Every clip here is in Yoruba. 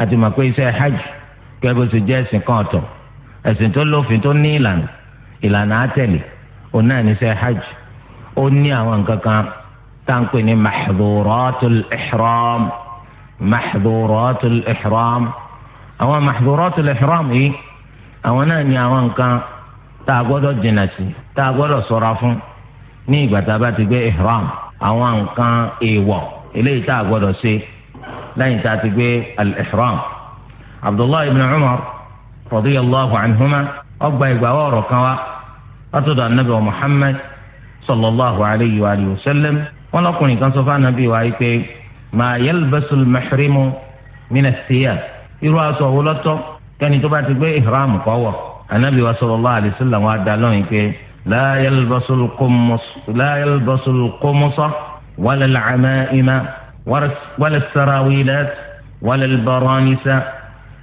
àti màkó iṣẹ́ hajj kẹ́gbẹ́ tó jẹ́ ẹ̀sìn kan ọ̀tọ̀ ẹ̀sìn tó lófin tó ní ìlànà ìlànà àtẹ̀lé òun náà ní iṣẹ́ hajj ó ní àwọn nǹkan kan táǹpẹ̀ ní maḥdúrọ́tul ihram maḥdúrọ́tul ihram àwọn maḥdúrọ́tul ihram yìí àwọn náà ní àwọn nǹkan tá a gbọ́dọ̀ jìnnà sí tá a gbọ́dọ̀ ṣọ́ra fún ní ìgbà tá a bá ti gbé ihram àwọn nǹkan èèwọ̀ eléyìí tá a gbọ́dọ̀ ṣe lẹ́yìn tá a ti gbé al-ihram abdullahi ibn umar radiyallahu anhuma ọgbà ìgbà ọ̀rọ̀ kan wa látọ̀dọ̀ anabi wa muhammad sallallahu alayhi wa sallam wọn lọkùnrin kan sọ fún anabi wa yìí pé ma yalbasul mahrimu mina siya irú aṣọ wo lọ́tọ̀ kẹ́ni tó bá ti gbé ihram kọ́ wọ̀ anabi wa sallallahu alayhi wa sallam wa dá lóhùn pé la yalbasul qumus la yalbasul qumusa wala al-amaima. ولا السراويلات ولا البرانس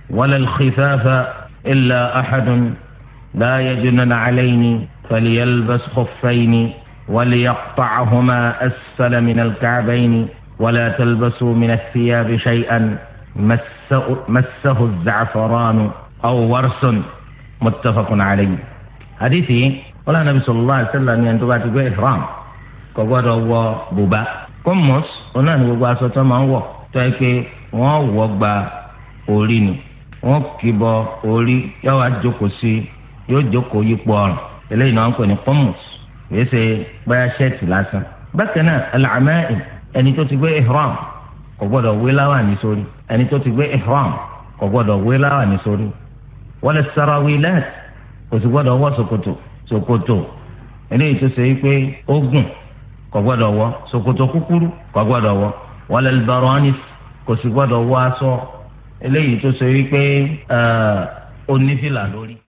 ولا الخفاف إلا أحد لا يجنن عليني فليلبس خفين وليقطعهما أسفل من الكعبين ولا تلبسوا من الثياب شيئا مسه, مسه الزعفران أو ورس متفق عليه حديثي ولا النبي صلى الله عليه وسلم ينتبه إحرام كقول هو بباء kọ́mọ̀s òun náà ní gbogbo aṣọ tó máa ń wọ̀ tó yẹ pé wọ́n wọ̀ gba orí ni wọ́n kì í bọ orí yóò wá jókòó sí yóò jókòó yípo ọrùn eléyìí náà ń pè ní kọ́mọ̀s kìí ṣe báyà ṣẹ́ẹ̀tì lásán. bákan náà al-amā'im ẹni tó ti gbé ihram kò gbọ́dọ̀ wé láwàní sórí ẹni tó ti gbé ihram kò gbọ́dọ̀ wé láwàní sórí wala sarawīlāt kò sì gbọ́dọ̀ wọ ṣòkòtò ṣòkòtò eléyìí tó ṣe é pé ó gùn kò gbọ́dọ̀ sokoto kukuru kúkúrú kò gbọ́dọ̀ wọ wal baranis kò sì gbọ́dọ̀ wọ aṣọ eléyìí tó ṣe wípé onífìlà lórí.